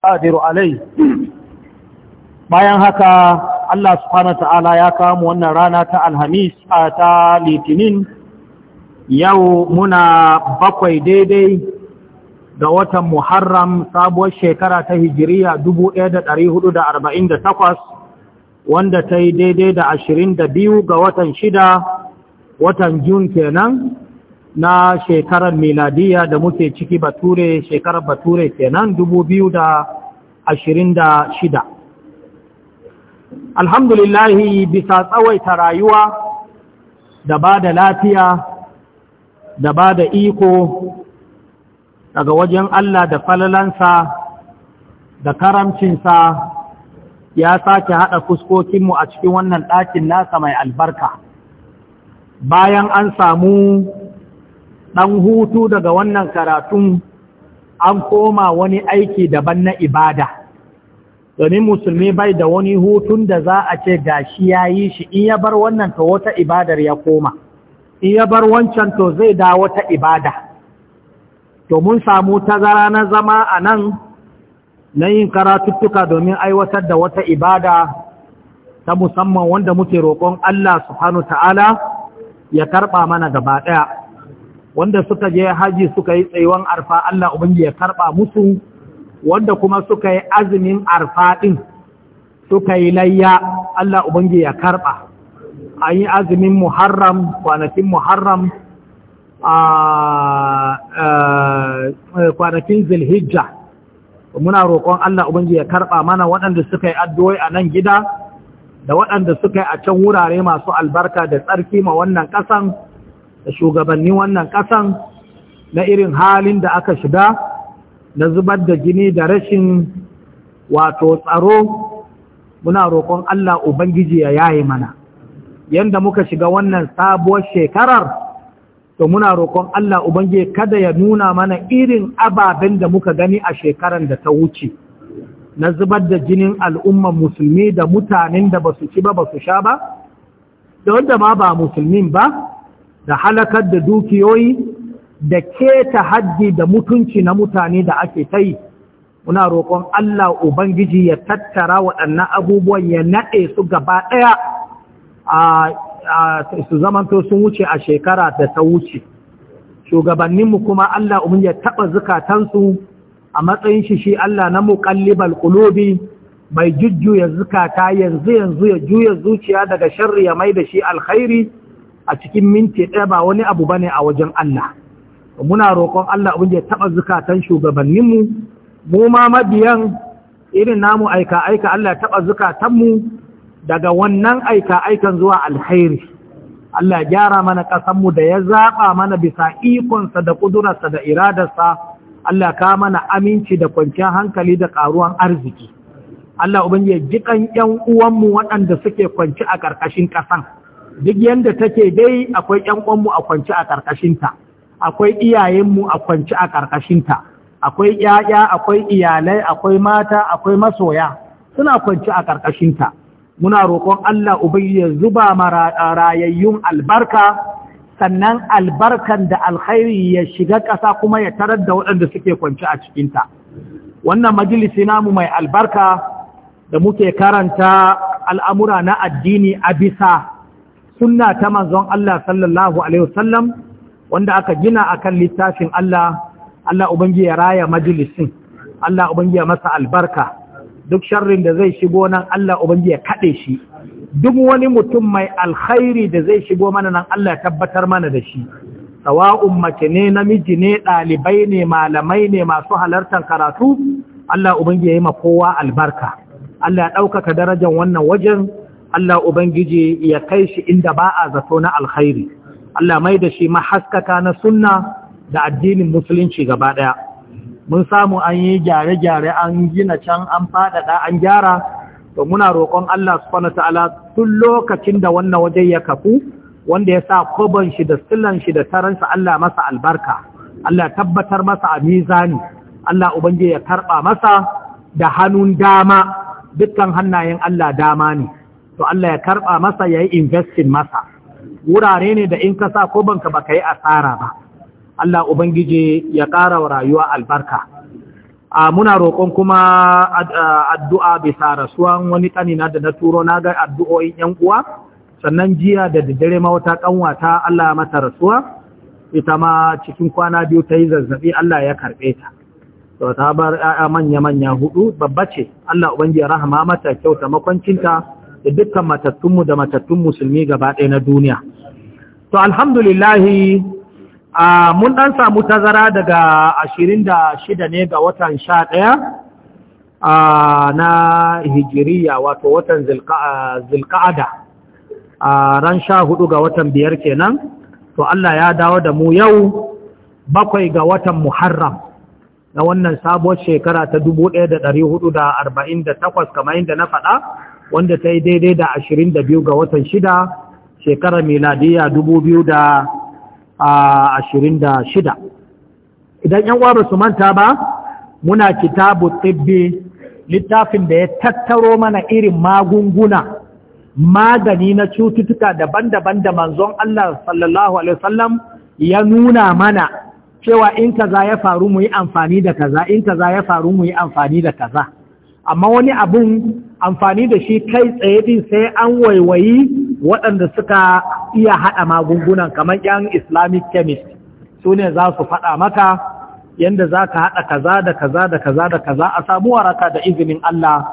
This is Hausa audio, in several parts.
qadiru alai bayan haka Allah subhanahu ta'ala ya kawo wannan rana ta alhamis a ta litinin yau muna bakwai daidai da watan muharram sabuwar shekara ta hijiriya 1448 wanda ta yi daidai da 22 ga watan shida watan jun kenan na shekarar miladiya da muke ciki bature shekarar bature kenan shida. alhamdulillahi bisa tsawaita rayuwa da ba da lafiya da ba da iko daga wajen Allah da falalansa da karamcinsa ya sake haɗa fuskokinmu a cikin wannan ɗakin nasa mai albarka bayan an samu ɗan hutu daga wannan karatun an koma wani aiki daban na ibada domin musulmi bai da wani hutun da za a ce shi ya yi shi in ya bar wannan to wata ibadar ya koma in ya bar wancan to zai da wata ibada to mun samu ta tazara na zama a nan na yin karatuttuka domin aiwatar da wata ibada ta musamman wanda muke roƙon Allah subhanahu ta'ala ya karɓa mana gaba ɗaya wanda suka je haji suka yi tsayuwan arfa Allah ubangi ya karba musu wanda kuma suka yi azumin arfa ɗin, suka yi layya Allah ubangi ya karba an yi azumin muharram kwanakin muharram a kwanakin Zulhijja, muna roƙon Allah ubangi ya karba mana waɗanda suka yi addu'o'i a nan gida da waɗanda suka yi a can wurare masu albarka da tsarki ma wannan ƙasan da shugabannin wannan ƙasan na irin halin da aka shiga na zubar da jini da rashin wato tsaro muna roƙon Allah Ubangiji ya yaye mana yanda muka shiga wannan sabuwar shekarar to muna roƙon Allah Ubangiji kada ya nuna mana irin ababen da muka gani a shekarar da ta wuce na zubar da jinin al'umman musulmi da mutanen da ba su ci ba ba su sha ba da wanda ma ba musulmin ba da halakar da dukiyoyi da keta haddi da mutunci na mutane da ake ta yi muna roƙon Allah Ubangiji ya tattara waɗannan abubuwan ya naɗe su gaba ɗaya su zamanto sun wuce a shekara da ta wuce shugabanninmu kuma Allah Ubangiji ya taɓa zukatansu a matsayin shi shi Allah na muƙallibar ƙulobi mai jujjuya zukata yanzu yanzu ya juya zuciya daga shari'a ya mai da shi alkhairi a cikin minti ɗaya ba wani abu bane a wajen Allah muna roƙon Allah abin ya taɓa zukatan shugabanninmu mu ma mabiyan irin namu aika aika Allah ya taɓa zukatanmu daga wannan aika aikan zuwa alkhairi Allah gyara mana ƙasanmu da ya zaɓa mana bisa ikonsa da ƙudurarsa da iradarsa Allah ka mana aminci da kwanciyar hankali da ƙaruwan arziki Allah ubin ya ƙan ‘yan uwanmu waɗanda suke kwanci a ƙarƙashin ƙasan. duk yadda take dai akwai ƴanƙonmu a kwance a ƙarƙashinta akwai iyayenmu a kwance a ƙarƙashinta akwai 'ya'ya, akwai iyalai akwai mata akwai masoya suna kwance a ƙarƙashinta muna roƙon Allah ubi ya zuba mara rayayyun albarka sannan albarkan da alkhairi ya shiga ƙasa kuma ya tarar da waɗanda suke kwance a cikinta wannan majalisi namu mai albarka da muke karanta al'amura na addini a bisa sunna ta manzon Allah sallallahu alaihi wasallam wanda aka gina akan littafin Allah Allah ubangi ya raya majalisin Allah ubangi ya masa albarka duk sharrin da zai shigo nan Allah ubangi ya kade shi duk wani mutum mai alkhairi da zai shigo mana nan Allah tabbatar mana da shi sawa'un mace ne namiji ne ɗalibai ne malamai ne masu halartar karatu Allah ubangi ya yi ma kowa albarka Allah ya ɗaukaka darajar wannan wajen Allah Ubangiji ya kai shi inda ba a zato na alkhairi, Allah mai da shi mahaskaka na sunna da addinin musulunci gaba ɗaya. Mun samu an yi gyare-gyare an gina can an faɗaɗa an gyara, to muna roƙon Allah subhanahu ta'ala tun lokacin da wannan waje ya kafu, wanda ya sa koban shi da silan shi da taransa Allah masa albarka, Allah tabbatar masa a mizani, Allah Ubangiji ya karɓa masa da hannun dama, dukkan hannayen Allah dama ne. to Allah ya karɓa masa ya yi investin masa wurare ne da in ka sa ko banka ba ka yi asara ba Allah Ubangiji ya ƙara wa rayuwa albarka a muna roƙon kuma addu'a bisa rasuwan wani ƙanina da na turo na ga addu'o'in ‘yan uwa sannan jiya da daddare ma wata ƙanwata Allah ya mata rasuwa ita ma cikin kwana biyu ta yi zazzaɓi Allah ya karɓe ta to ta bar ‘ya'ya manya-manya hudu babba ce Allah Ubangiji ya rahama mata kyauta makwancinta da dukkan matattunmu da matattun musulmi gaba ɗaya na duniya to alhamdulillahi a mun ɗan samu tazara daga ashirin da shida ne ga watan sha ɗaya na hijiriya wato watan zilka'ada ran sha hudu ga watan biyar kenan to Allah ya dawo da mu yau bakwai ga watan muharram na wannan sabuwar shekara ta da da takwas kamar yadda na faɗa wanda ta yi daidai da 22 ga watan shida shekarar miladiya 2026 idan yan uwa su manta ba muna kitabu tibbi littafin da ya tattaro mana irin magunguna magani na cututtuka daban-daban da manzon Allah sallallahu alaihi wasallam ya nuna mana cewa in kaza ya faru mu yi amfani da kaza in kaza ya faru mu yi amfani da kaza amma wani abun amfani da shi kai tsaye din sai an waiwayi waɗanda suka iya haɗa magungunan kamar yan islamic chemist su ne za su faɗa maka yadda za ka haɗa kaza da kaza da kaza da kaza a samu waraka da izinin Allah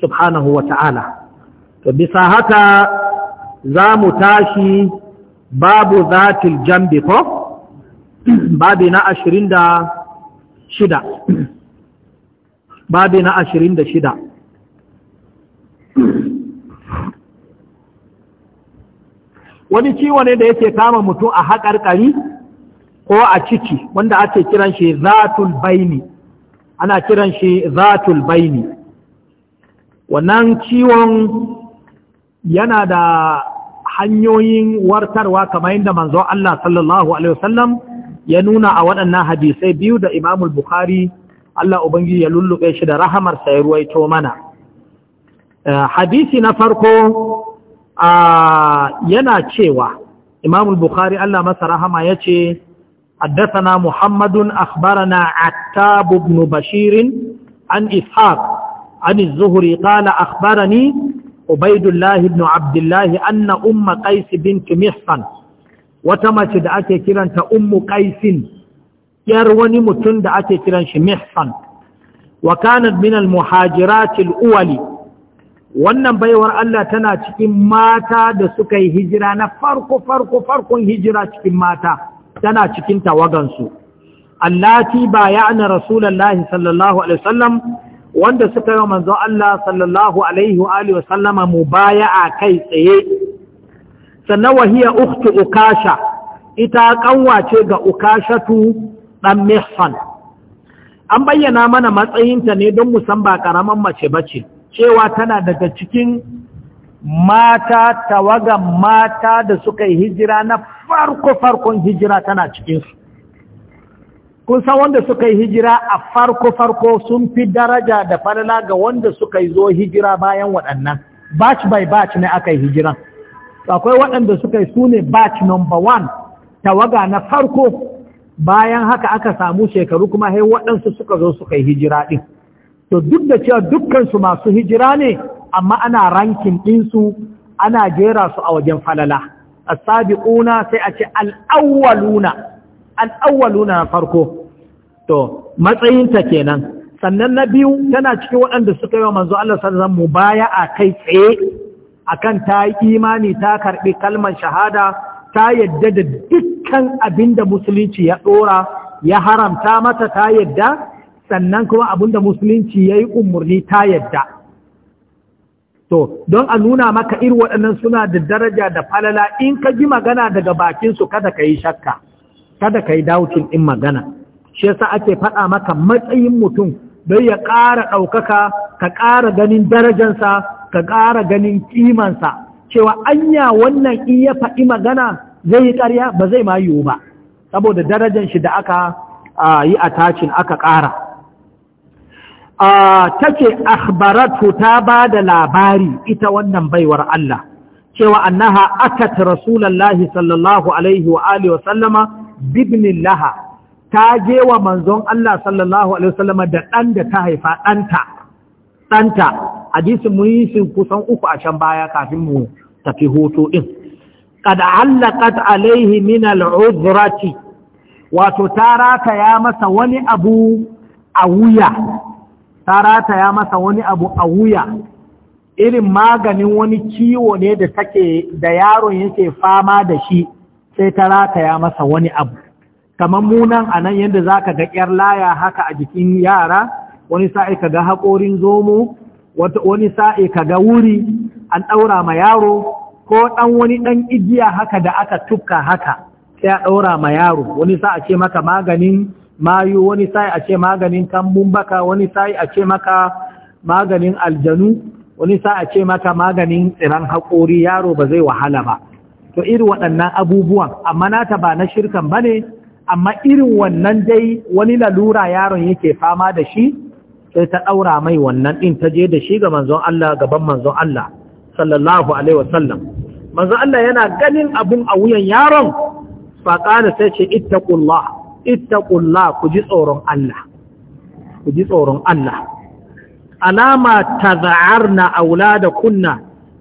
subhanahu wa ta'ala to bisa haka za mu tashi babu zatil jambi ko babi na ashirin da shida babi na ashirin da shida wani ciwo ne da yake kama mutum a haƙarƙari ko a ciki wanda ake kiran shi zatul baini ana kiran shi zatul baini wannan ciwon yana da hanyoyin wartarwa kamar yadda manzo Allah sallallahu alaihi wasallam ya nuna a waɗannan hadisai biyu da Imam Bukhari Allah ubangiji ya lulluɓe shi da rahamar ya ruwaito mana eh, hadisi na farko yana cewa imam bukhari Allah masa rahama ya ce haddasana muhammadun akhbarana attab ibn bashir an ishaq an az-zuhri qala akhbarani Abdullahi ibn abdullah anna umm qais bint mihsan wata mace da ake kiranta ummu qaisin yar wani mutum da ake kiran shi mihsan wa kanat min al-muhajirat wannan baiwar Allah tana cikin mata da suka yi hijira na farko farko farkon hijira cikin mata tana cikin tawagansu allati ba ya'na rasulullahi sallallahu alaihi wasallam wanda suka yi manzon Allah sallallahu alaihi wa alihi wasallama mubaya'a kai tsaye sannan wahiya ukhtu ukasha ita kanwace ga ukashatu dan mihsan an bayyana mana matsayinta ne don musan ba karaman mace bace cewa tana daga cikin mata tawagan mata da suka yi hijira na farko-farkon hijira tana cikinsu kun san wanda suka yi hijira a farko-farko sun fi daraja da falala ga wanda suka yi zo hijira bayan waɗannan batch by batch ne aka yi hijiran akwai waɗanda suka yi su ne batch number one tawaga na farko bayan haka aka samu shekaru kuma hai waɗansu suka zo suka yi hijira ɗin to duk da cewa dukkansu masu hijira ne amma ana rankin ɗinsu ana jera su a wajen falala A asabiquna sai a ce al'awwaluna al'awwaluna na farko to matsayinta kenan sannan na biyu tana cikin waɗanda suka yi wa manzo Allah sallallahu mu baya a kai tsaye akan ta yi imani ta karɓi kalmar shahada ta yadda da dukkan abinda musulunci ya ɗora ya haramta mata ta yadda sannan kuma da musulunci ya yi umarni ta yadda to don a nuna maka irin waɗannan suna da daraja da falala in ka ji magana daga bakinsu kada ka yi shakka kada ka yi daukin in magana shi yasa ake faɗa maka matsayin mutum don ya ƙara ɗaukaka ka ƙara ganin darajansa ka ƙara ganin kimansa cewa anya wannan in ya faɗi magana zai yi ƙarya ba zai ma yiwu ba saboda darajan shi da aka yi a tacin aka ƙara take akhbaratu ta ba da labari ita wannan baiwar Allah cewa annaha akat rasulullahi sallallahu alaihi wa alihi wa sallama bibnillaha ta je wa manzon Allah sallallahu alaihi wa sallama da dan da ta haifa danta danta hadisin mun yi kusan uku a can baya kafin mu tafi hoto din qad allaqat alaihi min al'uzrati wato ta ya masa wani abu a wuya ta rataya masa wani abu a wuya irin maganin wani kiwo ne da take da yaron yake fama da shi sai ta ya masa wani abu kamar munan a nan yadda za ka ga laya haka a jikin yara wani sa'i ka ga haƙorin zomo wani sa'i ka ga wuri an ɗaura ma yaro ko ɗan wani ɗan igiya haka da aka tukka haka sai a ɗaura ma yaro wani sa'a ce maka maganin mayu wani sai a ce maganin kambun baka wani sai a ce maka maganin aljanu wani sai a ce maka maganin tsiran haƙori yaro ba zai wahala ba to irin waɗannan abubuwan amma nata ba na shirkan ba ne amma irin wannan dai wani lalura yaron yake fama da shi sai ta ɗaura mai wannan ɗin ta je da shi ga manzon Allah gaban manzon Allah sallallahu alaihi wasallam manzon Allah yana ganin abun a wuyan yaron faƙada sai ce ittaqullah ittaqullah ku ji tsoron Allah ku ji tsoron Allah alama tazarna kunna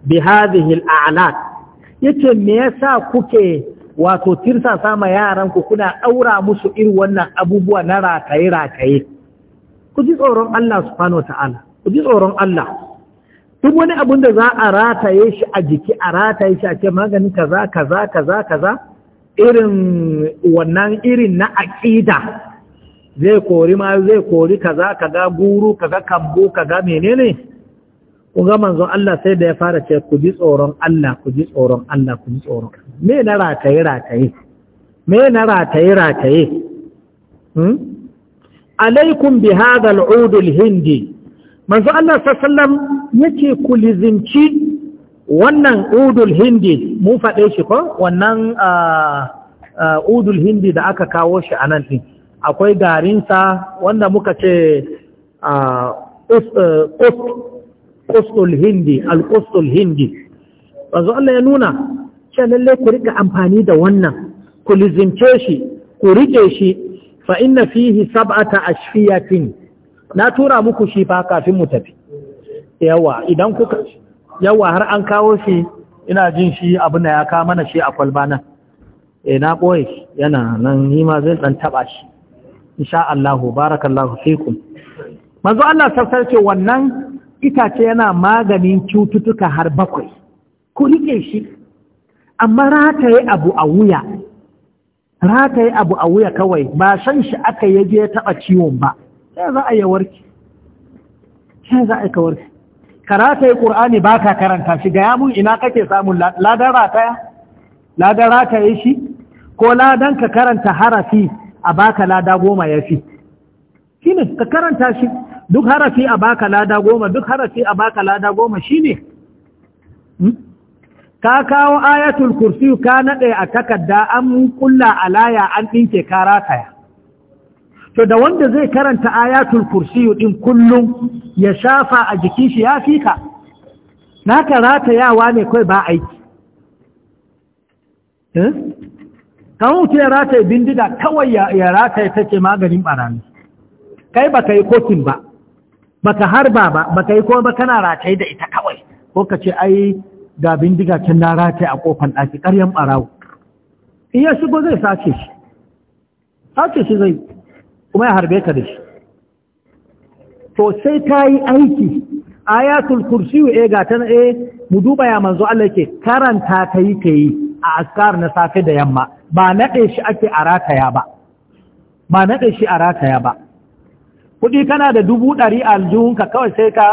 bi hadhihi al'alat yace me yasa kuke wato tirsa sama yaran ku kuna ɗaura musu irin wannan abubuwa na rataye rataye ku ji tsoron Allah subhanahu wataala ku ji tsoron Allah duk wani abin da za a rataye shi a jiki a rataye shi a ce maganin kaza kaza kaza kaza irin wannan irin na aƙida zai kori ma zai kori kaza kaga guru kaga kambu kaga menene ku ga manzon Allah sai da ya fara ce ku ji tsoron Allah ku ji tsoron Allah ku ji tsoron me na rataye rataye me na rataye rataye hmm? alaikum bi hadha al hindi manzon Allah sallallahu alaihi wasallam yace ku lizinci wannan udul hindi mu faɗe shi ko wannan ah, ah, udul hindi da aka kawo shi a nan ɗin akwai garinsa wanda muka ce ƙustul ah, eh, hindi alƙustul hindi wanzu Allah ya nuna ce lallai ku rika amfani da wannan ku lizince shi ku riƙe shi fa inna fihi sab'ata ashfiyatin na tura muku shi fa kafin mu tafi yawa idan kuka yawa har an kawo shi ina jin shi abin da ya kawo mana shi a kwalba nan eh na boye yana nan ni ma zai dan taba shi insha Allah barakallahu fikum manzo Allah sassar wannan itace yana maganin cututtuka har bakwai ku rike shi amma rataye abu a wuya rataye abu a wuya kawai ba san shi aka yaje taba ciwon ba sai za a yi warki sai za a yi karata yi ƙur'ani ba ka karanta shi ga yamun ina kake samun ladan rataya ladan shi ko ladan ka karanta harafi a baka lada goma ya fi shi ne ka karanta shi duk harafi a baka lada goma duk harafi a baka lada goma shi ne hmm? ka kawo ayatul kursi ka naɗe a takarda an kulla alaya an ɗinke ka rataya to da wanda zai karanta ayatul kursiyu din kullum ya shafa a jikin shi ya fika naka yawa ne kai ba aiki eh kan wuce ya rataye bindiga kawai ya rataye take maganin barani kai baka yi kotin ba baka harba ba baka yi ko ba kana rataye da ita kawai ko ka ce ai ga bindiga can na rataye a kofan ɗaki ƙaryan barawo in ya shigo zai sace shi sace shi zai kuma ya harbe ka da shi to sai ta yi aiki ayatul kursi e ga ta e mu duba ya manzo Allah ke karanta ta yi ta yi a askar na safe da yamma ba naɗe shi ake a rataya ba ba naɗe shi a rataya ba kuɗi kana da dubu ɗari a aljihunka kawai sai ka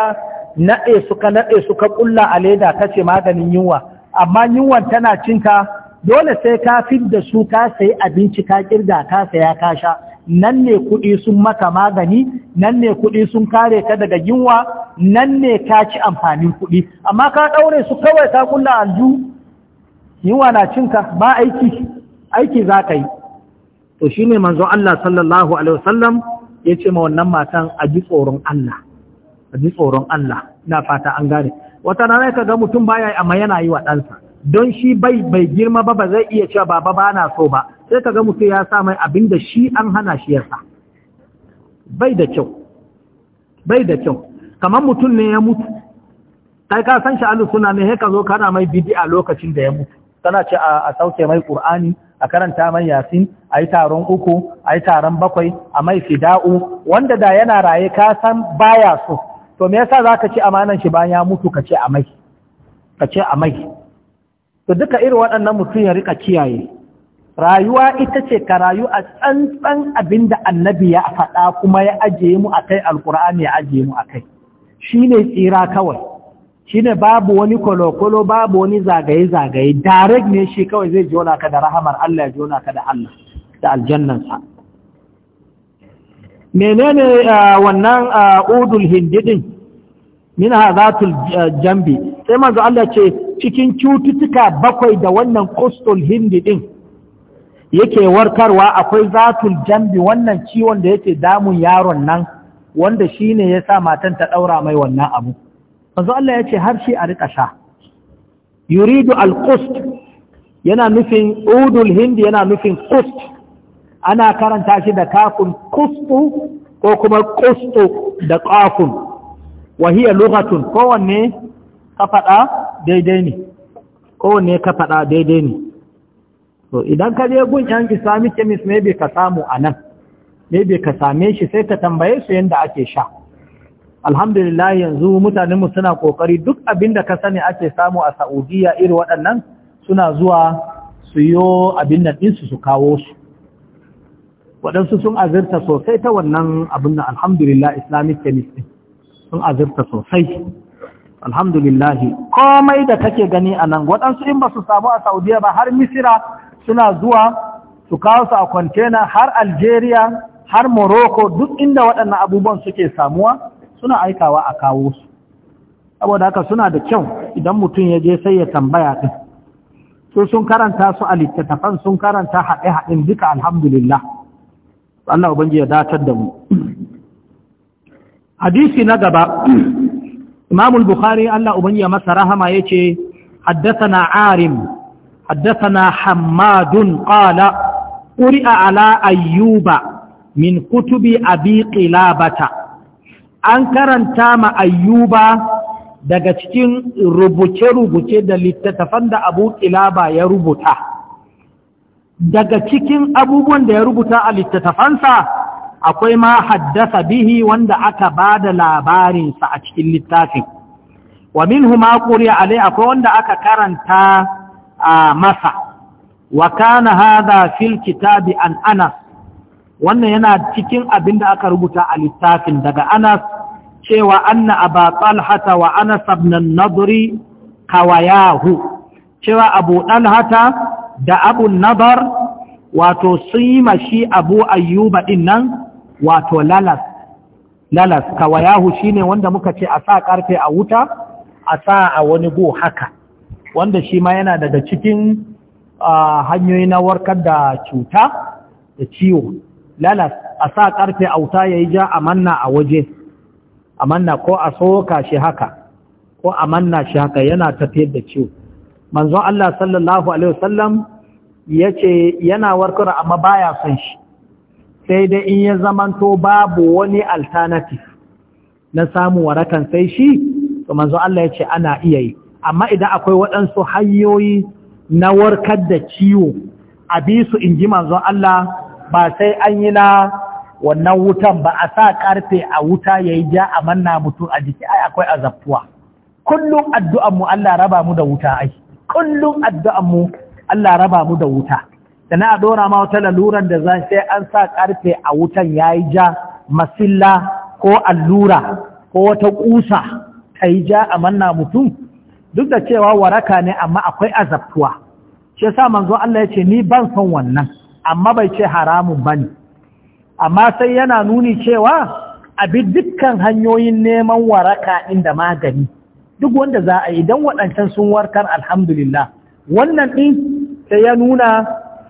naɗe suka naɗe su ka ƙulla a leda ta ce maganin yunwa amma yunwan tana cinka dole sai ka fi da su ka sayi abinci ka ƙirga ka saya ka sha nan ne kuɗi sun maka magani nan ne kuɗi sun kare ka daga yunwa nan ne ka ci amfanin kuɗi amma ka ɗaure su kawai ka kulla alju yunwa na cinka ba aiki aiki za ka yi to shi ne manzo Allah sallallahu alaihi wasallam ya ce ma wannan matan a ji tsoron Allah a ji tsoron Allah ina fata an gane wata rana ka ga mutum baya amma yana yi wa ɗansa don shi bai bai girma ba ba zai iya cewa baba ba na so ba sai ka kaga mutum ya sa mai abin da shi an hana shi ya sa bai da kyau bai da kyau kamar mutum ne ya mutu kai ka san shi sha'alu suna ne sai ka zo kana mai bidi'a lokacin da ya mutu Kana ce a sauke mai qur'ani a karanta mai yasin a yi taron uku a yi taron bakwai a mai fida'u wanda da yana raye ka san baya so to me yasa zaka ci amanan shi bayan ya mutu ka ce a mai ka ce a mai to duka irin waɗannan mutum ya rika kiyaye rayuwa ita ce ka rayu a tsantsan abin da annabi ya faɗa kuma ya ajiye mu a kai alkur'ani ya ajiye mu a kai shi ne tsira kawai shi ne babu wani kolokolo babu wani zagaye-zagaye direct ne shi kawai zai jona ka da rahamar Allah ya jona ka da Allah da aljannansa menene wannan udul hindidin min hazatul jambi sai manzo Allah ce cikin cututtuka bakwai da wannan Hindi hindidin yake warkarwa akwai zatul jambi wannan ciwon da yake damun yaron nan wanda shine yasa matan ta ɗaura mai wannan abu manzo Allah yace har shi a rika sha yuridu al-qust yana nufin udul hindi yana nufin qust ana karanta shi da kafin qustu ko kuma qustu da kafun wa hiya lughatun kowanne ka fada daidai ne to idan ka je gun yan islamic chemist bai ka samu a nan bai ka same shi sai ka tambaye su yadda ake sha alhamdulillah yanzu mutanenmu suna ƙoƙari duk abin da ka sani ake samu a Saudiyya iri waɗannan suna zuwa su yi abin nan ɗinsu su kawo su waɗansu sun azirta sosai ta wannan abin nan alhamdulillah islamic chemist ɗin sun azirta sosai alhamdulillah komai da kake gani a nan waɗansu in ba su samu a saudiya ba har misira suna zuwa su kawo su a kwantena har algeria har morocco duk inda waɗannan abubuwan suke samuwa suna aikawa a kawo su saboda haka suna da kyau idan mutum ya je sai ya tambaya ɗin su sun karanta su a littattafan sun karanta haɗe-haɗin duka alhamdulillah Allah Ubangiji ya datar da mu hadisi na gaba imamul bukhari Allah Ubangiji ya masa rahama yace haddathana arim حدثنا حماد قال قرئ على أيوب من كتب أبي قلابة أنكرن تام أيوب daga cikin rubuce-rubuce da littattafan da abu ƙilaba ya rubuta daga cikin abubuwan da ya rubuta a littattafansa akwai ma haddasa bihi wanda aka ba da labarinsa a cikin littafin wa min huma ƙuri akwai wanda aka karanta masa wa kana hadha fil kitabi an anas wannan yana cikin abin da aka rubuta a littafin daga anas cewa anna aba talhata wa anas ibn an-nadri kawayahu cewa abu talhata da abu nadar wato sima shi abu ayyuba dinnan wato lalas lalas kawayahu shine wanda muka ce a sa karfe a wuta a sa a wani go haka wanda shi ma yana daga cikin hanyoyi na warkar da cuta da ciwo lalas a sa karfe auta ya yi ja a manna a waje a manna ko a soka shi haka ko a manna shi haka yana tafiyar da ciwo manzon Allah sallallahu alaihi wasallam yace yana warkar amma baya son shi sai dai in ya zamanto babu wani alternative na samu warakan sai shi to manzon Allah yace ana iya yi amma idan akwai waɗansu hanyoyi na warkar da ciwo a bisu su in ji manzon Allah ba sai an yi na wannan wutan ba a sa karfe a wuta ya yi ja a manna mutum a jiki ai akwai azabtuwa kullum addu'anmu Allah raba mu da wuta ai kullum addu'anmu Allah raba mu da wuta da na dora ma wata laluran da za sai an sa karfe a wutan ya yi ja masilla ko allura ko wata ƙusa ta yi ja a manna mutum duk da cewa waraka ne amma akwai azabtuwa shi sa manzo Allah ya ce ni ban son wannan amma bai ce haramun bane amma sai yana nuni cewa abi dukkan hanyoyin neman waraka inda magani duk wanda za a don waɗancan sun warkar alhamdulillah wannan ɗin sai ya nuna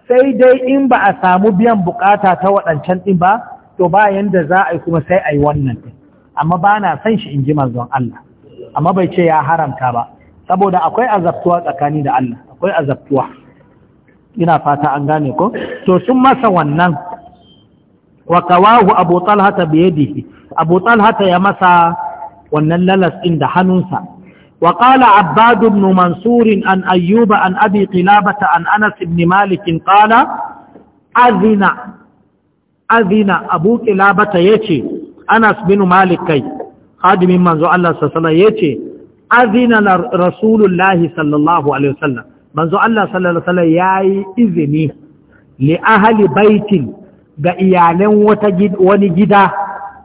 sai dai in ba a samu biyan bukata ta waɗancan ɗin ba to ba yanda za a yi kuma sai a yi wannan ɗin amma ba na son shi in ji manzon Allah amma bai ce ya haramta ba saboda akwai azabtuwa tsakani da Allah akwai azabtuwa ina fata an gane ko to sun masa wannan wa kawahu abu talhata biyadihi abu talhata ya masa wannan lalas din da hannunsa wa qala abbad ibn mansur an ayyuba an abi qilabata an anas ibn malik qala azina azina abu qilabata yace anas bin malik kai khadimin manzo Allah sallallahu alaihi wasallam yace azina rasulullahi sallallahu alaihi wasallam manzo Allah sallallahu alaihi wasallam yayi izini li ahli baitin ga iyalan wata wani gida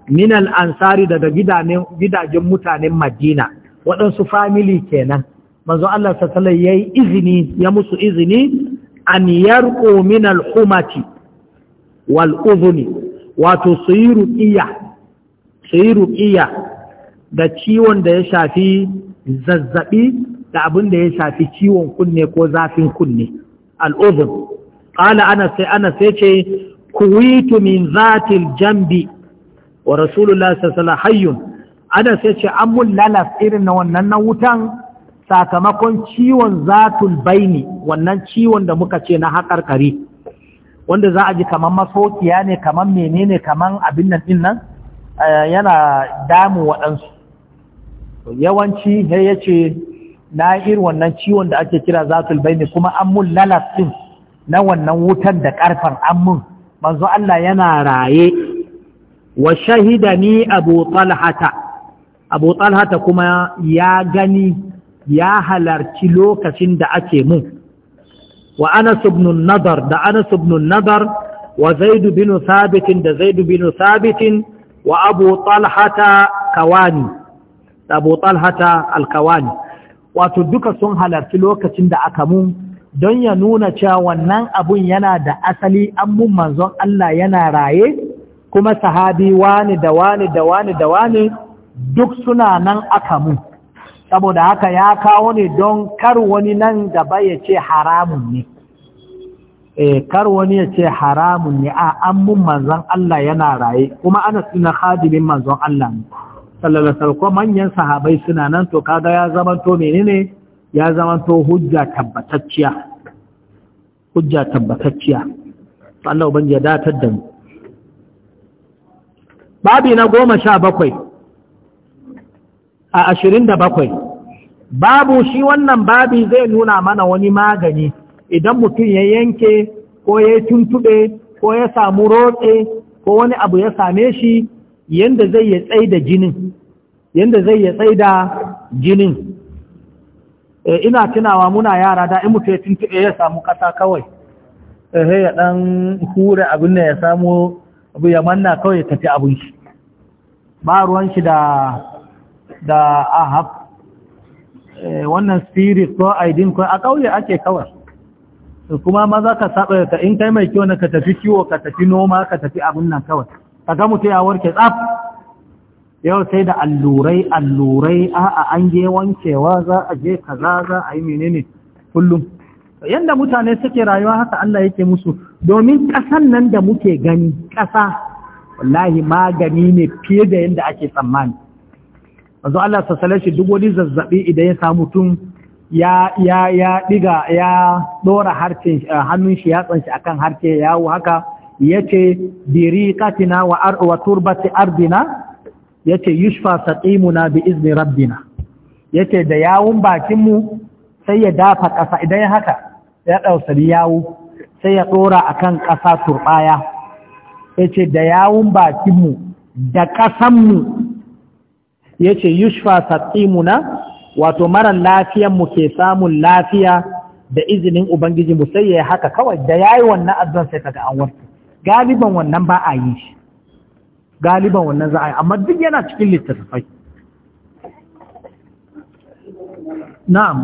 min al ansari daga gidanen gidajen mutanen Madina waɗansu family kenan manzo Allah sallallahu alaihi yayi izini ya musu izini an yarqu min al humati wal udhuni wato suyi ruqiya suyi ruqiya da ciwon da ya shafi zazzabi da abin da ya shafi ciwon kunne ko zafin kunne al'uzun ƙala ana sai ana sai ce kuwitu min zatil jambi wa rasulullah sassala hayyun ana sai ce an mun lalas irin na wannan na wutan sakamakon ciwon zatul baini wannan ciwon da muka ce na haƙarƙari wanda za a ji kamar masokiya ne kamar menene kaman abin nan nan eh, yana damu waɗansu yawanci sai ya ce na ir wannan ciwon da ake kira zatul baini kuma an mun lalas na wannan wutan da karfan an mun manzo Allah yana raye wa shahida ni abu talhata abu talhata kuma ya gani ya halarci lokacin da ake mun wa anas ibn nadar da ana subnun nadar wa Zaidu bin Sabitin da Zaidu bin Sabitin wa abu talhata kawani Abu Talhata al wato duka sun halarci lokacin da aka mun don ya nuna cewa wannan abun yana da asali an mun manzon Allah yana raye kuma sahabi wani da wani da wani da wani duk suna nan aka mun saboda haka ya kawo ne don kar wani nan gaba ya ce haramun ne eh kar wani ya ce haramun ne a an mun manzon Allah yana raye kuma ana suna khadimin manzon Allah ne sallallahu alaihi wasallam manyan sahabai suna nan to kaga ya zamanto menene ya zamanto hujja tabbatacciya hujja tabbatacciya Allah ubangi ya datar da mu babi na goma sha bakwai a ashirin da bakwai babu shi wannan babi zai nuna mana wani magani idan mutum ya yanke ko ya tuntuɓe ko ya samu rotse ko wani abu ya same shi yanda zai ya da jinin yanda zai ya da jinin eh, ina tunawa muna yara da in mutu ya ya samu kasa kawai ehe eh, ya ɗan hura abin da ya samu abu ya manna kawai ya tafi abin shi ba ruwan shi da da ahab eh, wannan spirit ko aidin ko a ƙauye ake kawai kuma maza ka saba ka in kai mai kyau na ka tafi kiwo ka tafi noma ka tafi abin nan kawai gamu ta ya warke tsaf yau sai da allurai allurai a'a an je wankewa za a je kaza za a yi menene kullum Yadda mutane suke rayuwa haka Allah yake musu domin ƙasan nan da muke gani ƙasa wallahi magani ne fiye da yadda ake tsammani Wanzu Allah sallallahu shi duk wani zazzabi idan ya samu tun ya ya ya diga ya dora harshen hannun shi ya tsanci akan harke, yawo haka yace biriqatina wa ar wa turbati ardina yace yushfa saqimuna bi izni rabbina yace da yawun bakin mu sai ya dafa kasa idan haka ya dausa yawu sai ya dora akan kasa turbaya yace da yawun bakin mu da kasan mu yace yushfa saqimuna wato marar lafiyan mu ke samun lafiya da izinin ubangiji mu sai ya haka kawai da yayi wannan addu'a sai kaga an galiban wannan ba a yi shi galiban wannan za a yi amma duk yana cikin littattafai na'am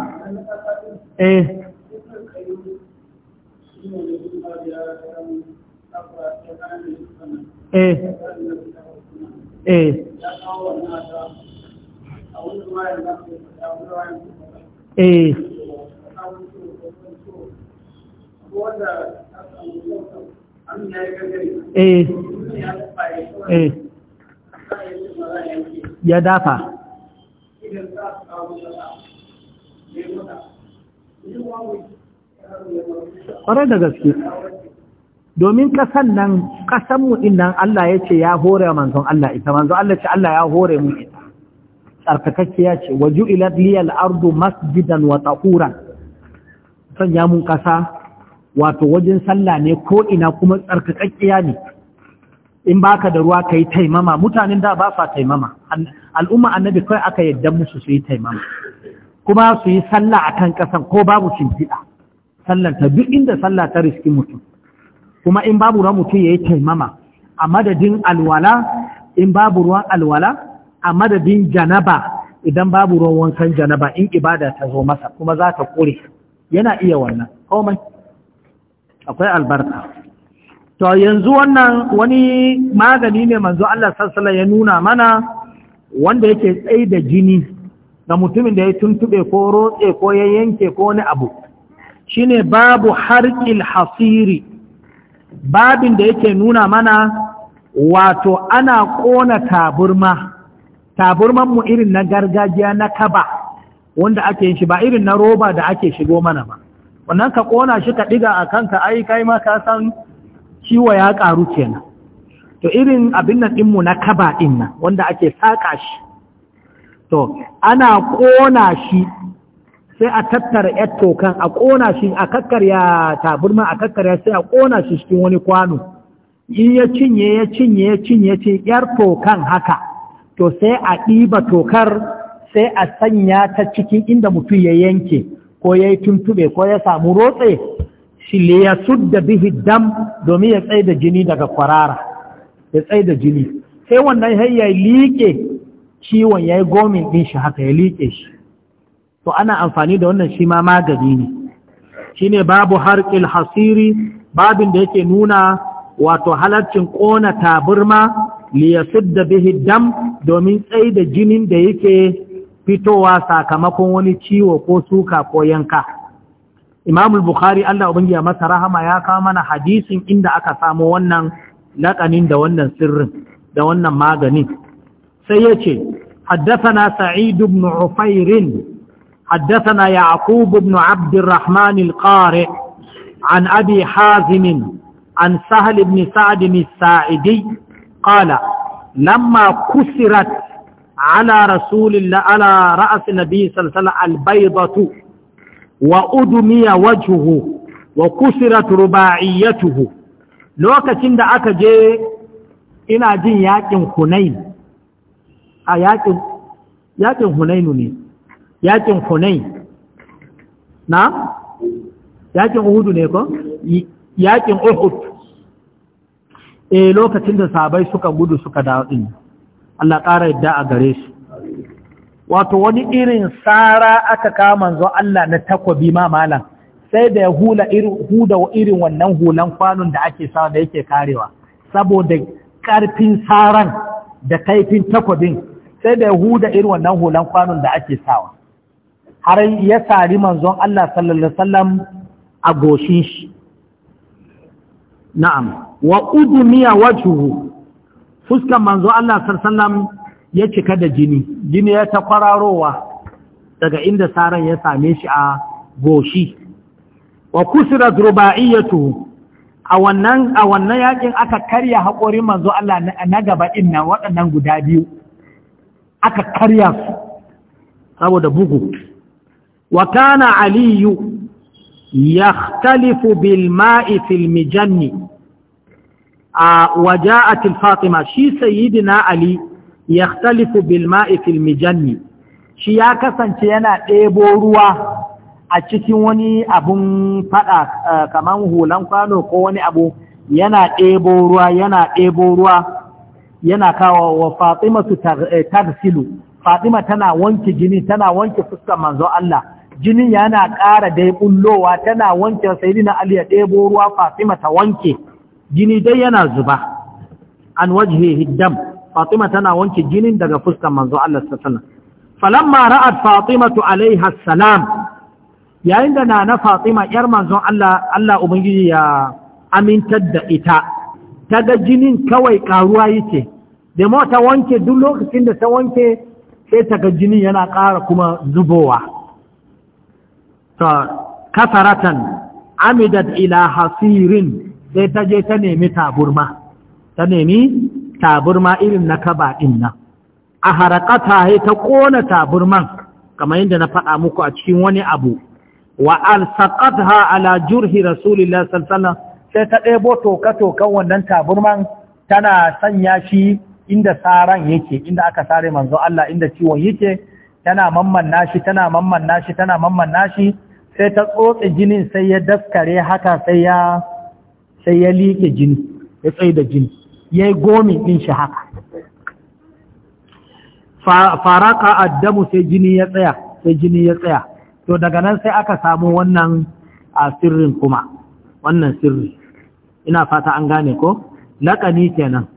eh eh eh eh eh eh ya dafa ƙwarar da gaske domin ƙasan nan ƙasanmu nan Allah ya ce ya hore manzon Allah ita manzon Allah ce Allah ya hore mu ita ya ce waju ilat liyal ardu masjidan wa tahuran sanya mun ƙasa wato wajen sallah ne ko ina kuma tsarkakakkiya ne in baka da ruwa kai taimama mutanen da ba sa taimama al'umma annabi kai aka yadda musu su yi taimama kuma su yi sallah akan kasan ko babu shimfiɗa sallar ta duk inda sallah ta riski mutum kuma in babu ruwa mutum ya yi taimama a madadin alwala in babu ruwan alwala a madadin janaba idan babu ruwan wankan janaba in ibada ta zo masa kuma za ta kure yana iya wannan komai akwai albarka to yanzu wannan wani magani ne manzo Allah sallallahu ya nuna mana wanda yake tsaye da jini ga mutumin da ya tuntube ko rotse ko ya yanke ko wani abu shine babu harqil hasiri babin da yake nuna mana wato ana ƙona taburma taburman mu irin na gargajiya na kaba wanda ake yin shi ba irin na roba da ake shigo mana ba wannan ka kona shi ka ɗiga a kanka ai kai ma ka san ciwo ya ƙaru kenan to irin abin nan ɗinmu na kaba din nan wanda ake saƙa shi to ana kona shi sai a tattara yar tokan a kona shi a kakkarya taburma a kakkarya sai a kona shi cikin wani kwano in ya cinye ya cinye ya cinye ce yar tokan haka to sai a ɗiba tokar sai a sanya ta cikin inda mutum ya yanke ko ya yi tuntube ko ya samu rotse shi le ya sudda bihi dam domin ya tsaye da jini daga kwarara ya tsaye da jini sai wannan har ya liƙe ciwon ya yi gomin ɗin shi haka ya liƙe shi to ana amfani da wannan shi ma magani ne shi ne babu Har hasiri babin da yake nuna wato halarcin ƙona taburma liya ya sudda bihi dam domin tsaye da jinin da yake fitowa sakamakon wani ciwo ko suka ko yanka imamul bukhari Allah ubangi masa rahama ya kawo mana hadisin inda aka samu wannan laƙanin da wannan sirrin da wannan maganin sai ya ce haddasana sa'id ibn ufairin haddasana yaqub ibn abd arrahman al-qari an abi hazim an sahal ibn sa'd al-sa'idi qala lamma kusirat ala rasulillah ala ra'as nabi sallallahu albaydatu wa udmiya wajhuhu wa kusirat rubaiyatuhu lokacin da aka je ina jin yakin hunain a hunainu ne yakin hunain na yakin ne ko yakin uhud eh lokacin da sabai suka gudu suka dawo din Allah ƙara yadda a gare shi. wato wani irin tsara aka kama zo Allah na takwabi ma malam sai da ya hula huda irin wannan hulan kwanon da ake sawa da yake karewa saboda ƙarfin tsaran da kaifin takwabin sai da ya huda irin wannan hulan kwanon da ake sawa har ya sari manzon Allah sallallahu Sallam a goshin shi na'am wa udumiya wajuhu fuskan manzo Allah sarsallam ya cika da jini jini ya ta kwararowa daga inda saran ya same shi a goshi wa kusura rubaiyatu a wannan a wannan yakin aka karya haƙorin manzo Allah na gaba inna waɗannan guda biyu aka karya su saboda bugu wa kana aliyu yakhtalifu bil ma'i fil mijanni a waja'atil fatima shi sayyidina ali yakhtalifu bil ma'i fil mijanni shi ya kasance yana ɗebo ruwa a cikin wani abun fada kaman hulan kwano ko wani abu yana ɗebo ruwa yana ɗebo ruwa yana kawo wa fatima su tarsilu fatima tana wanke jini tana wanke fuskar manzo Allah jinin yana ƙara dai bullowa tana wanke sayyidina ali ya ɗebo ruwa fatima ta wanke jini dai yana zuba an wajhe dam fatima tana wanke jinin daga fuskar manzo Allah sallallahu alaihi wasallam falamma ra'at fatimatu alaiha salam yayin da nana fatima yar manzon Allah Allah ubangiji ya amintar da ita ta jinin kawai karuwa yake da mota wanke duk lokacin da ta wanke sai taga ga jinin yana ƙara kuma zubowa ta kasaratan amidat ila hasirin sai ta je ta nemi taburma ta nemi taburma irin na kaba ɗin nan a harakata ya ta ƙona taburman kamar yadda na faɗa muku a cikin wani abu wa al alsaqatha ala jurhi rasulillah sallallahu sai ta ɗebo toka-tokan wannan taburman tana sanya shi inda saran yake inda aka sare manzo Allah inda ciwon yake tana mamman shi tana mamman shi tana mamman shi sai ta tsotse jinin sai ya daskare haka sai ya sai ya liƙe jini ya tsaye da jini ya yi gomi ɗin shi haka faraka addamu sai jini ya tsaya sai jini ya tsaya to daga nan sai aka samu wannan a sirrin kuma wannan sirri ina fata an gane ko laƙani kenan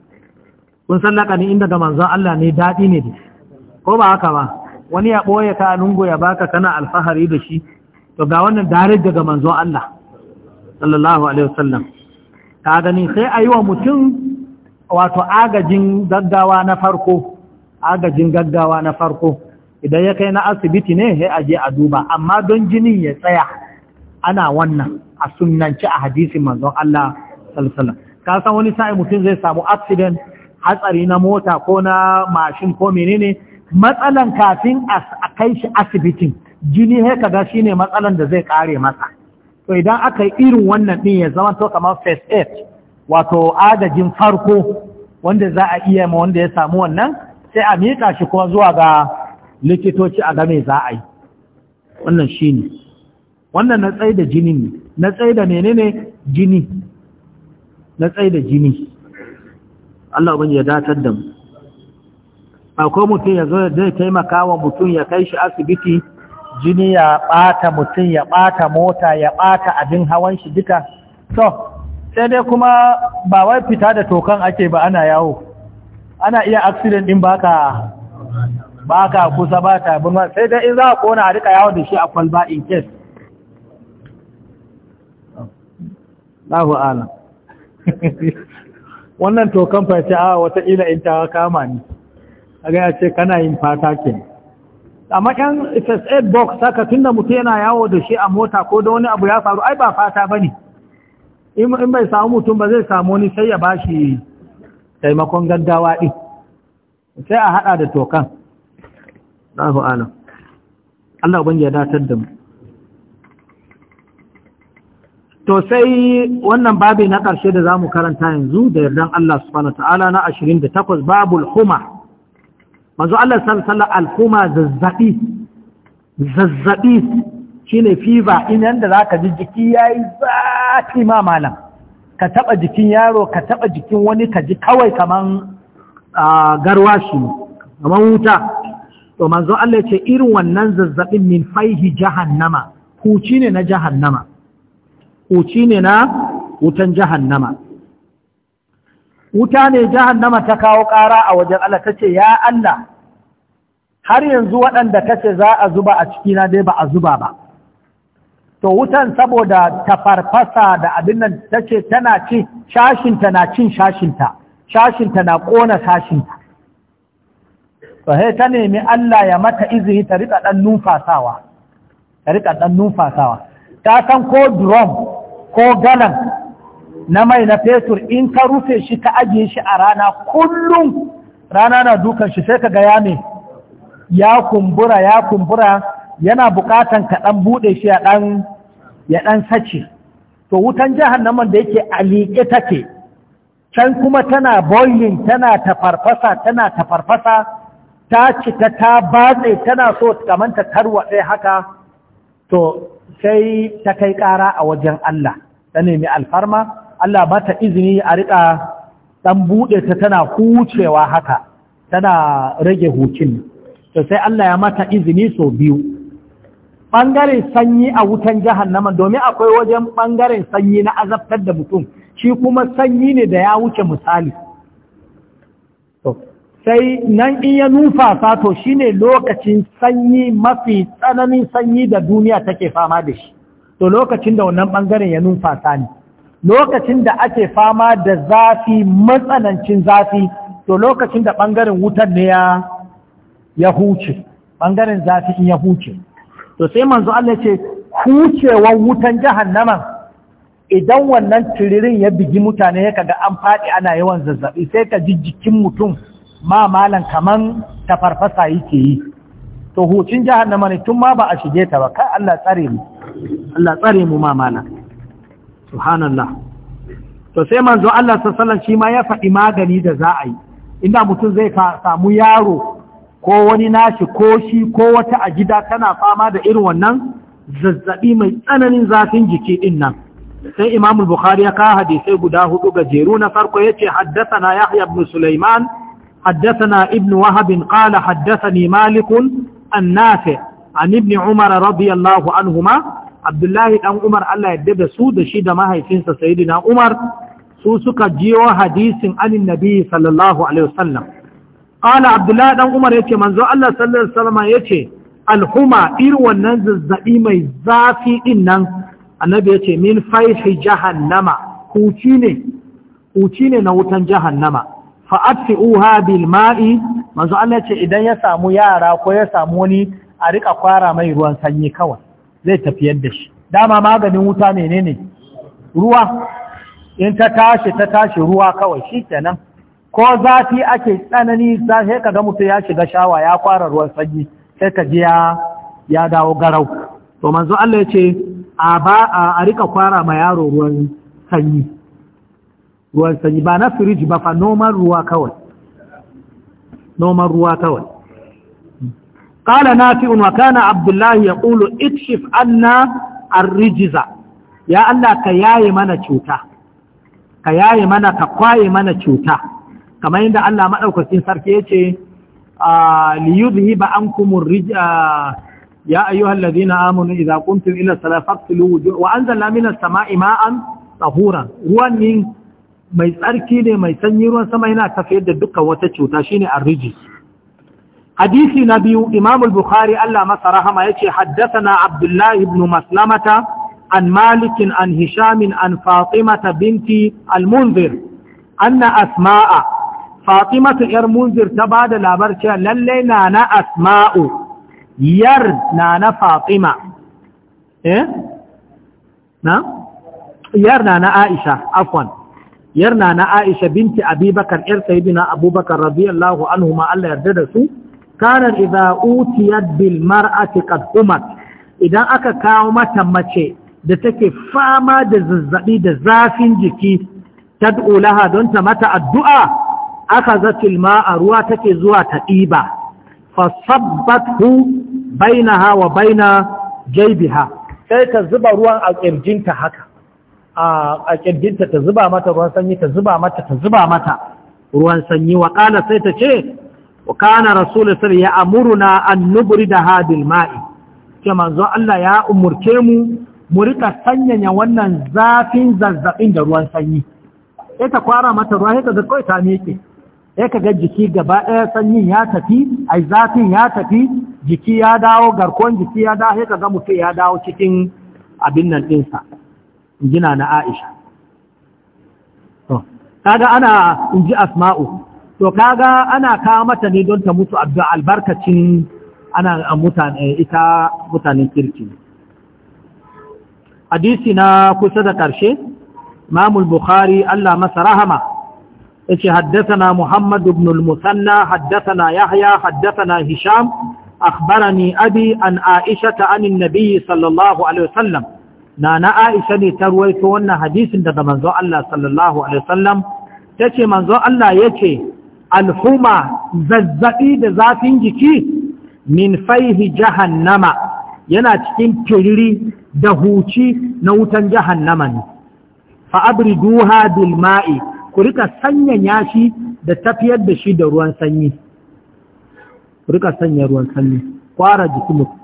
kun san laƙani inda ga manzon Allah ne daɗi ne da ko ba haka ba wani ya ɓoye ka lungu ya baka kana alfahari da shi to ga wannan dare daga manzon Allah sallallahu alaihi wasallam ka gani sai a yi wa mutum wato agajin gaggawa na farko agajin gaggawa na farko idan ya kai na asibiti ne sai a je a duba amma don jinin ya tsaya ana wannan a sunnanci a hadisin manzon Allah sallallahu ka san wani sai mutum zai samu accident hatsari na mota ko na mashin ko menene matsalan kafin a kai shi asibitin jini sai kaga shine matsalan da zai kare masa to idan aka yi irin wannan ɗin ya zama to kamar first aid wato adajin farko wanda za a iya ma wanda ya samu wannan sai a miƙa shi kuma zuwa ga likitoci a game za a yi wannan shi ne wannan na tsaye da jini ne na tsaye da menene jini na tsaye da jini Allah ubin ya datar da mu akwai mutum ya zo ya zai taimaka wa mutum ya kai shi asibiti jini ya ɓata mutum ya ɓata mota ya ɓata abin hawan shi duka so sai dai kuma ba wai fita da tokan ake ba ana yawo ana iya accident ɗin baka ka kusa ba ta bunwa sai dai in za a kona a rika yawo da shi a kwalba in case Allahu ala wannan tokan fa ce a ah, wata ila in ta kama ni a gaya ya ce kana yin fata kenan amma ɗan ss box haka tun da mutu yana yawo da shi a mota ko da wani abu ya faru ai ba fata ba ne in bai samu mutum ba zai samu wani sai ya ba shi taimakon gaggawa ɗi sai a haɗa da tokan ɗahu ala Allah ubangi ya datar da mu to sai wannan babi na ƙarshe da za mu karanta yanzu da yardan Allah subhanahu ta'ala na 28 babul huma manzo Allah sallallahu alkuma zazzabi zazzabi shine fever in yanda zaka ji jiki yayi zafi ma malam ka taba jikin yaro ka taba jikin wani ka ji kawai kaman garwashi kaman wuta to manzo Allah ce irin wannan zazzabin min faihi jahannama huci ne na jahannama huci ne na wutan jahannama wuta ne jahannama ta kawo ƙara a wajen Allah ta ce ya Allah har yanzu waɗanda ta ce za a zuba a cikina dai ba a zuba ba to wutan saboda ta da abin nan ta ce tana ci shashinta na cin shashinta shashinta na ƙona shashinta to sai ta nemi Allah ya mata izini ta riƙa ɗan numfasawa ta riƙa ɗan numfasawa ta san ko drum ko galan na mai na fetur in ka rufe shi ka ajiye shi a rana kullum rana na dukan shi sai ka ga ya ne ya kumbura ya kumbura yana bukatan ka dan bude shi ya dan sace to wutan jahannaman da yake a liƙe take can kuma tana boiling tana tafarfasa tana tafarfasa ta cika ta batse tana so kamar ta tarwatse haka to sai ta kai ƙara a wajen Allah ta nemi alfarma Allah mata izini a riƙa ɗan buɗe ta tana hucewa haka tana rage hukin, to sai Allah ya mata izini so biyu ɓangaren sanyi a wutan jahannama domin akwai wajen ɓangaren sanyi na azabtar da mutum shi kuma sanyi ne da ya wuce misali sai nan in ya nufa sato shi ne lokacin sanyi mafi tsananin sanyi da duniya take fama da shi to lokacin da wannan ɓangaren ya numfasa ne lokacin da ake fama da zafi matsanancin zafi to lokacin da ɓangaren wutar ne ya huce ɓangaren zafi in ya huce to sai manzo Allah ce hucewan wutan jahannaman idan wannan tiririn ya bigi mutane ya kaga an faɗi ana yawan zazzabi sai ka ji jikin mutum ma malan kaman tafarfasa yake yi to hucin jahannama ne tun ma ba a shige ta ba kai Allah tsare mu Allah tsare mu ma malan subhanallah to sai manzo Allah sallallahu shi ma ya faɗi magani da za a yi inda mutum zai samu yaro ko wani nashi ko shi ko wata a gida tana fama da irin wannan zazzabi mai tsananin zafin jiki din nan sai Imam Bukhari ya kawo hadisai guda hudu gajeru na farko yace haddathana Yahya ibn Sulaiman حدثنا Ibn Wahabin Qala, حدثني مالك النافع عن an Ibn Umar الله عنهما abdullahi dan umar Allah yadda da su da shi da mahaifinsa sayyidina umar su suka jiyo hadisin anin nabi sallallahu alaihi wasallam qala abdullahi dan umar yace manzo Allah sallallahu alaihi wasallam yace alhuma ir wannan zazzabi mai zafi din nan annabi yace min faihi jahannama huci ne huci ne na wutan jahannama fa atfi'uha bil ma'i manzo Allah yace idan ya samu yara ko ya samu wani a rika kwara mai ruwan sanyi kawai zai tafiyar da shi dama maganin wuta menene ruwa in ta tashi ta tashi ruwa kawai shi kenan ko zafi ake tsanani sai ka ga mutum ya shiga shawa ya fara ruwan sanyi sai ka ji ya ya dawo garau to manzo Allah ya ce a ba a rika kwara ma yaro ruwan sanyi ruwan sanyi ba na firiji ba fa noman ruwa kawai noman ruwa kawai qala nafi'un wa kana abdullahi yaqulu ikshif anna ar-rijza ya Allah ka yaye mana cuta ka yaye mana ka kwaye mana cuta kamar yadda Allah madaukakin sarki yace ah, li yudhhiba ankum ar-rijza ya ayyuhallazina amanu idza qumtum ila salati faqtilu wa anzalna minas sama'i ma'an tahuran ruwan ni mai tsarki ne mai sanyi ruwan sama yana tafiyar da dukkan wata cuta shine ar hadisi na biyu imam al-bukhari Allah masa rahama yace haddathana abdullah ibn maslamata an malik an hisham an fatimata binti al-munzir anna asma'a fatimatu yar munzir ta bada labar cewa lalle na na asma'u yar eh? na na fatima yar na na aisha afwan yar na na aisha binti abubakar yar sayyidina abubakar Allah yarda da su kanar iza utiyat bil mar'ati qad umat idan aka kawo mata mace da take fama da zazzabi da zafin jiki tad'u laha don ta mata addu'a aka zatil a ruwa take zuwa ta fa sabbathu bainaha wa baina jaybiha sai ta zuba ruwan a kirjinta haka a kirjinta ta zuba mata ruwan sanyi ta zuba mata ta zuba mata ruwan sanyi wa sai ta ce wa kana rasulun sai ya amuruna an nuburi da hadil ma'i ke manzo Allah ya umurce mu mu rika sanyanya wannan zafin zazzabin da ruwan sanyi sai ta kwara mata ruwa sai ta ga ta miƙe sai ka ga jiki gaba ɗaya sanyin ya tafi ai zafin ya tafi jiki ya dawo garkon jiki ya dawo sai ka ga mutum ya dawo cikin abin nan ɗinsa jina na Aisha to kaga ana inji Asma'u to kaga ana kawo mata ne don ta mutu addu'a albarkacin ana mutane ita mutanen kirki hadisi na kusa da ƙarshe mamul bukhari Allah masa rahama yace haddathana muhammad ibn al-musanna haddathana yahya haddathana hisham akhbarani abi an aisha ta anin nabi sallallahu alaihi wasallam na na aisha ne ta ruwaito wannan hadisin daga manzo Allah sallallahu alaihi wasallam tace manzo Allah yace alhuma zazzaɓi da zafin jiki min faihi jahannama yana cikin tiriri da huci na wutan jahannama ne fa'abri duha bilma'i ku rika sanya shi da tafiyar da shi da ruwan sanyi ku rika sanya ruwan sanyi kwara jiki mutu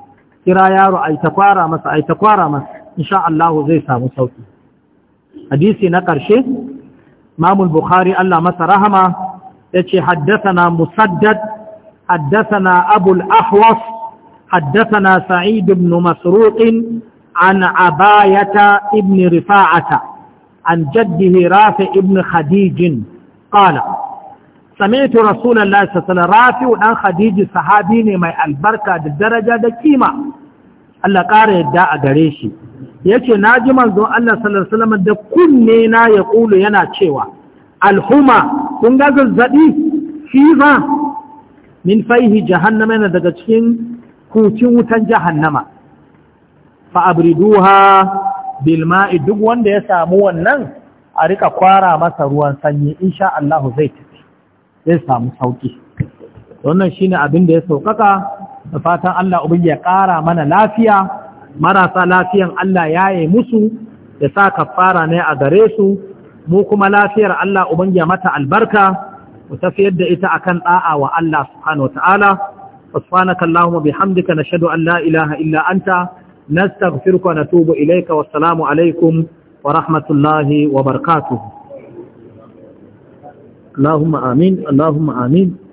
kira yaro a ta kwara masa a ta kwara masa insha Allah zai samu sauki hadisi na ƙarshe mamul bukhari Allah masa rahama yace haddathana musaddad haddathana abul ahwas haddathana sa'id ibn masruq an abayata ibn rifa'ata an jaddihi rafi ibn khadij qala سمعت رسول الله صلى الله عليه وسلم sahabi ne mai albarka da daraja da kima Allah ƙara yadda a gare shi yace naji manzo Allah sallallahu alaihi da kunne na ya kulu yana cewa alhuma kun ga zazzabi fiza min faihi jahannama yana daga cikin kucin wutan jahannama fa abriduha bilma'i. duk wanda ya samu wannan a rika kwara masa ruwan sanyi insha Allah zai tafi zai samu sauki wannan shine abin da ya saukaka da fatan Allah ubin ya ƙara mana lafiya marasa lafiyan Allah yaye musu ya sa kafara ne a gare su mu kuma lafiyar Allah ubangiya mata albarka mu tafiyar da ita akan ɗa'a wa Allah subhanahu wataala subhanaka allahumma bihamdika na an Allah, ilaha illa anta nastaghfiruka na natubu ilayka Wasalamu alaikum wa rahmatullahi wa barakatuh